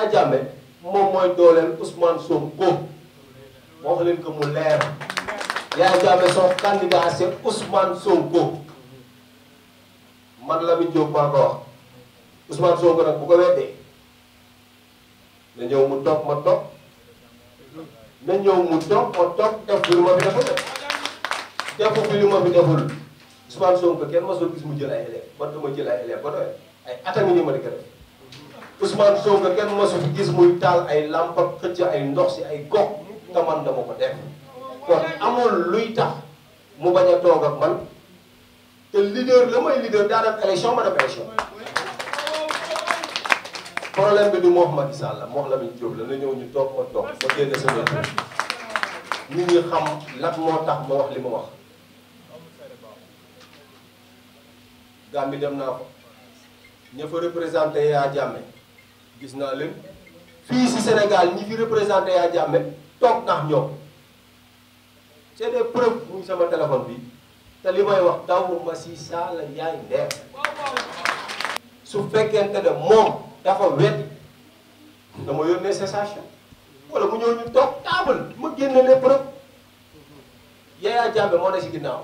Yaya Jammeh moom mooy dooleel Ousmane Sonko wax leen ko mu leer Yaya Jammeh son candidat c'est Ousmane Sonko man Lamine Diop maa ko wax Ousmane Sonko nag bu ko weddee na ñëw mu toog ma toog na ñëw mu toog ma toog def fi lu ma fi deful def fi lu ma fi deful Ousmane Sonko kenn ma soo gis mu jël ay élèves man dama jël ay élèves ba doy ay at a ngi ñu ma di ko def Ousmane Sonko kenn mosu gis muy taal ay làmpa xëcc ay ndox si ay gox te man dama ko def kon amul luy tax mu bañ a toog ak man te leader la may leader daa def élection ma def élection problème bi du moo Macky Sall la moo Lamine Diop la na ñëw ñu toog ma toog ma génne sama nit ñi xam lan moo tax ma wax li ma wax Gambie dem naa ko ña fa représenté yaa jàmme gis naa leen fii si Sénégal ñi fi représenté yaa jàmme toog nax ñoom c'est des preuves muy sama téléphone bi te li may wax ma si saala yaay ndeer su fekkente ne moom dafa wet dama yónnee cessation wala mu ñëw ñu toog table ma génne les preuves Yaya Jammeh moo ne si ginnaaw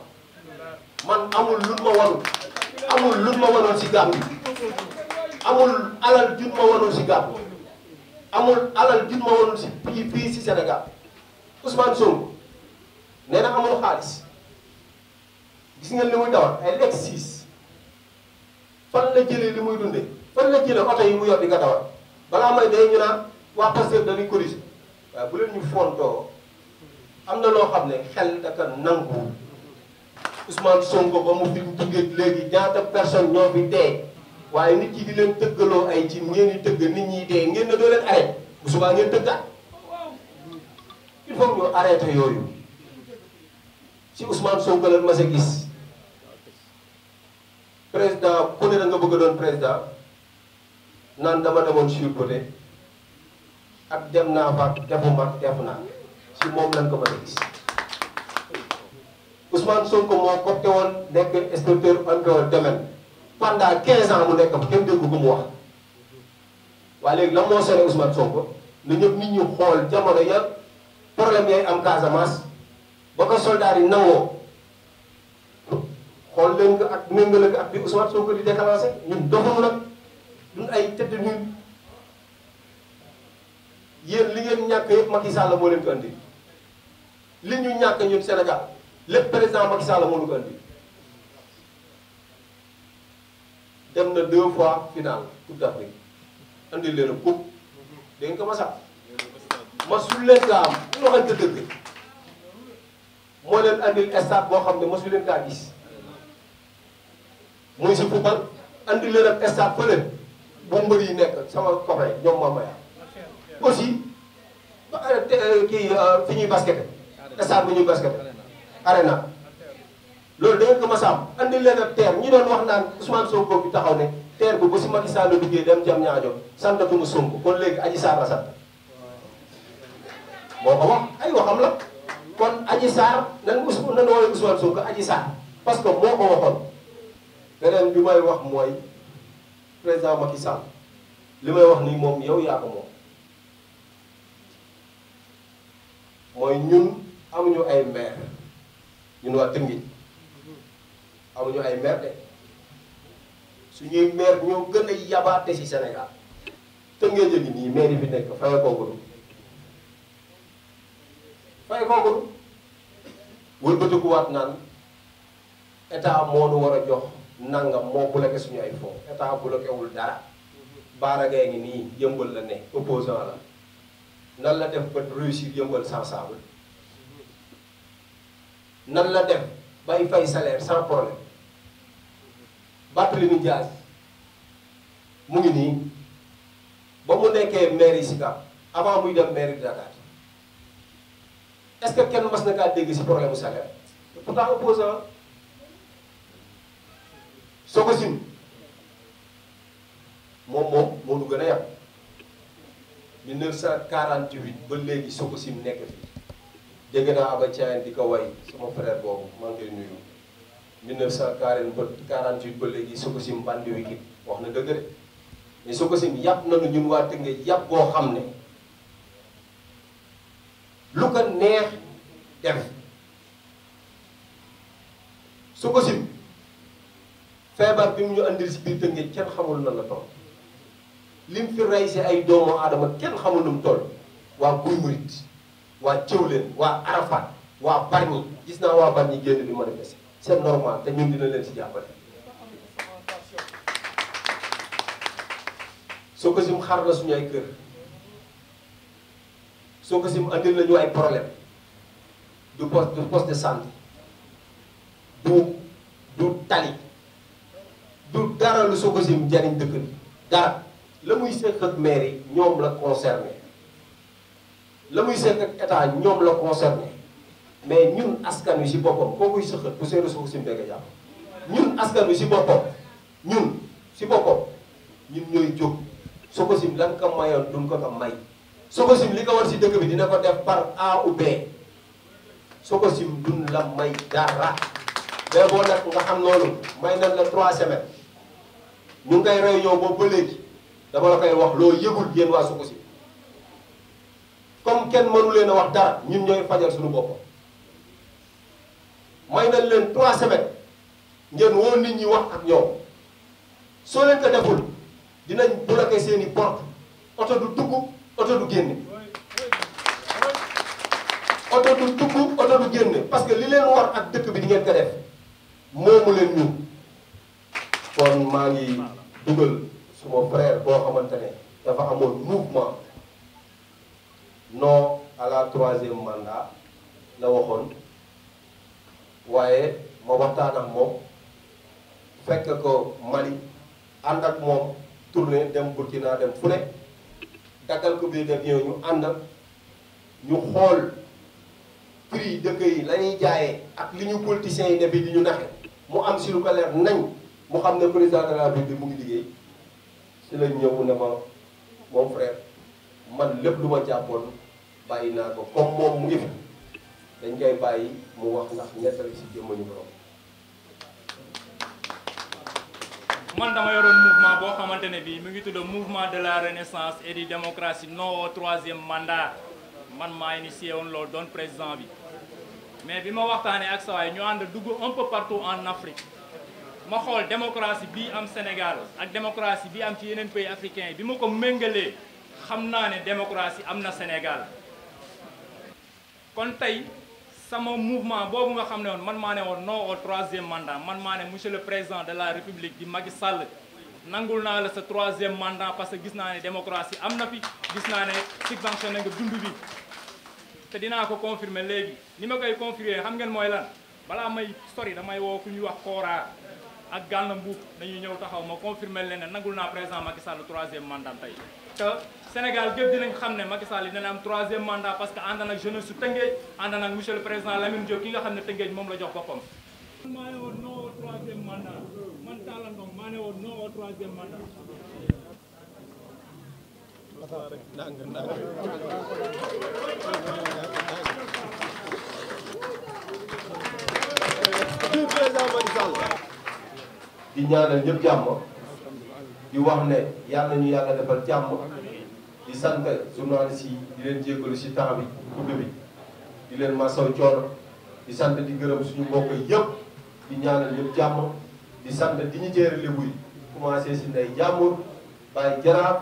man amul lu ma warul amul lu ma waroon si Gàmbi amul alal jun ma wanul si gàpp amul alal jun ma wanul si fii fii si Sénégal Ousmane Sonko nee na amul xaalis gis ngeen li muy dawal ay Lexus fan la jëlee li muy dundee fan la jëlee oto yu mu yor di nga dawal balaa may day ñu naan waa Pastef dañuy corrigé waaye bu leen ñu fontoo am na loo xam ne xel daka nangu Ousmane Sonko ba mu fi mu duggee léegi ñaata personne ñoo fi dee. waaye nit ki di leen tëggaloo ay ci ngeen di tëgg nit ñi dee ngeen na doo leen arrêté bu subaa ngeen tëggaat il faut ñu arrêté yooyu si Ousmane Sonko leen mas gis président ku ne nga bëgg président naan dama demoon sur ak dem naa fa defuma def naa moom lañ ko mas a gis Ousmane Sonko moo coopté woon nekk inspecteur en domaine. pendant 15 ans mu nekk fa kenn dégg ko mu wax waaye léegi lan moo sore Ousmane Sonko na ñëpp nit ñu xool jamono ya problème yay am Casamance ba ko soldaar yi nangoo xool leen ko ak méngale ko ak bi Ousmane ko di déclenché ñun doxul nag ñun ay tëdd ñun yéen li ngeen ñàkk yëpp Macky Sall moo leen ko andi li ñu ñàkk ñun senegal lépp président Macky Sall moo ñu ko andi. dem na deux fois final Coupe d'Afrique andi leen a coupe dégg nga ko ma sax masul leen kaa am ñu waxante dëgg moo leen andil stade boo xam ne masul leen kaa gis muy si football andi leen ak stade fële bu mbër yi nekk sama copain ñoom ma maya aussi ba eh, eh, kii eh, fi ñuy baskette stade bi ñuy baskette arena loolu da ngeen ko mas a am andi leen ak terre doon wax naan Ousmane Sonko bi taxaw ne terre bu bu si Macky Sall liggéey dem jam ñaajo santatu mu Sonko kon léegi Adji Sarr la moo ko wax ay waxam la kon Adji Sarr nan us nan wooye Ousmane Sonko Adji Sarr parce que moo ko waxoon beneen bi may wax mooy président Macky Sall li may wax nii moom yow yaa ko moom mooy ñun amuñu ay maire ñun waa Tëngéej amuñu ay maire de suñuy maire ñoo gën ay yabaate ci Sénégal te ngeen jëgi nii maire yi fi nekk faye kooguru faye kooguru wëlbatikuwaat naan état moo nu war a jox nangam moo bloqué suñu ay fonds état bloqué wul dara baara gee ngi nii yëmbal la ne opposant la nan la def ba réussir yëmbal sans sable nan la def bay fay salaire sans problème Barthélémy Dias mu ngi nii ba mu nekkee maire Sicap avant muy dem maire Dakar est-ce que kenn mas na kaa dégg ci problème mu salaire pourtant opposant soo ko sim moom moom moo nu gën a yàq 1948 ba léegi soo ko sim nekk fi dégg naa Aba Thiagne di ko way sama boobu maa ngi koy nuyu. 1948 ba léegi Sococim bandi wi kii wax na dëgg de mais Sococim yàpp nañu ñun waa Tëngéej yàpp boo xam ne lu ko neex def Sococim feebar bi mu ñu andil si biir Tëngéej kenn xamul na la lim fi rey si ay doomu aadama kenn xamul nu mu toll waa Guy Murit waa Cëwleen waa Arafat waa Bargny gis naa waa Bargny génn di manifester c'est normal te ñun dina leen ci jàppale soo ko sim xar na suñu ay kër soo ko sim andil nañu ay problème du poste du poste de santé du du tali du dara lu soo ko sim jariñ dëkk bi dara la muy seq ak maire ñoom la concerné la muy seq ak état ñoom la concerné mais ñun askan wi si boppam kookuy sëqat bu seeru suuf si mu dégg jàpp ñun askan wi si boppam ñun si boppam ñun ñooy jóg Sococim lan ko mayoon du ko ko may Sococim li ko war si dëkk bi dina ko def par A ou B Sococim duñ may dara mais boo nag nga xam loolu may nan la trois semaines ñu ngi koy réunion boobu ba léegi dama la koy wax loo yëgul yéen waa Sococim comme kenn mënu leen a wax dara ñun ñooy fajal suñu boppam may nañ leen trois semaines ngeen woo nit ñi wax ak ñoom soo leen ko deful dinañ bloqué seen i porte oto du dugg oto du génn oto du dugg oto du génn parce que li leen war ak dëkk bi di ngeen ko def moomu leen ñu kon maa ngi dugal suma frère boo xamante ne dafa amoon mouvement non à la troisième mandat la waxoon waaye ma waxtaan ak moom fekk ko Mali ànd ak moom tournée dem Burkina dem fu ne dakkal ko biir avion ñu ànd ñu xool prix dëkk yi la ñuy ak li ñu politiciens yi defi di ñu naxe mu am si lu ko leer nañ mu xam ne président de la République mu ngi liggéey si la ñëw ne ma mon frère man lépp lu ma jàppoon bàyyi naa ko comme moom mu ngi fi dañ koy bàyyi mu wax ndax nettali si jëmmuñu borom. man dama yoroon mouvement boo xamante ne bii mu ngi tudd mouvement de la renaissance et de démocratie non au troisième mandat man maa initié woon loolu doon président bi mais bi ma waxtaanee ak saway ñu ànd dugg un peu partout en Afrique ma xool démocratie bii am Sénégal ak démocratie bii am ci yeneen pays africain yi bi ma ko méngalee xam naa ne démocratie am na Sénégal kon tey sama mouvement bobu nga xamné won man mané won non au troisième mandat man mané monsieur le président de la république di Macky Sall nangul na la sa troisième mandat parce que gis na né démocratie am na fi gis naa ne subventionné nga dund bi té dina ko confirmer légui ni ma koy confirmer xam ngeen moy lan bala may story damay wo kuñu wax Kora ak Gànn Mbuub dañuy ñëw taxaw ma confirmer leen nangul na président Macky Sall troisième mandat tay Sénégal gépp dinañ xam ne Macky Sall dina am troisième mandat parce que ànd na ak jeunesse su Tëngéej ànd na ak monsieur le président Lamine Diop ki nga xam ne Tëngéej moom la jox boppam. man maa ne woon non au troisième mandat man Talla Ndong maa ne woon non au troisième mandat. di ñaanal ñëpp jàmm di wax ne yàlla ñu yàlla defal jàmm. di sant journaliste yi di leen jéggalu si temps bi gudd di leen ma masaw coono di sant di gërëm suñu mbokk yëpp di ñaanal ñëpp jàmm di sant di ñu jéere lébu yi commencé si ndey jàmbur bàyyi jaraaf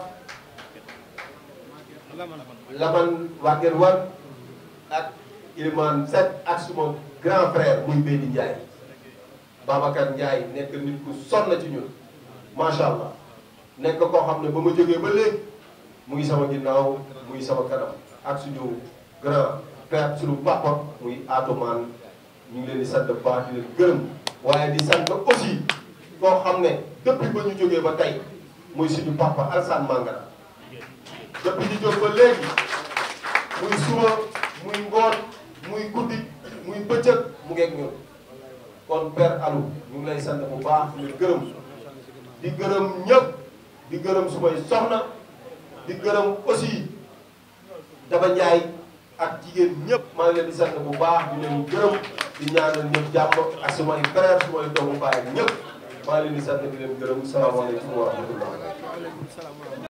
laman wàggeen wan ak iliman set ak suma grand frère muy Béni Ndiaye Babacar Ndiaye nekk nit ku sonn ci ñun macha allah nekk koo xam ne ba ma jógee ba léegi mu ngi sama ginnaw mu ngi sama kanam ak suñu grand père suñu papa muy atoman ñu ngi leen di sant baax di leen gërëm waye di sant aussi ko xamne depuis ba ñu joggé ba tey muy suñu papa Alassane Mangara depuis di jóg ba léegi muy suba muy ngoon muy guddi muy bëccëg mu ngeeg ñun kon père Alou ñu ngi lay sant bu baax di leen gërëm di gërëm ñëpp di gërëm suma soxna di gërëm aussi Daba Ndiaye ak jigéen ñëpp maa ngi leen di bu baax di leen gërëm di ñaanal ñëpp jàmm ak sumay frère sumay doomu baay ñëpp maa ngi leen di sant di leen gërëm salaamaaleykum wa rahmatullah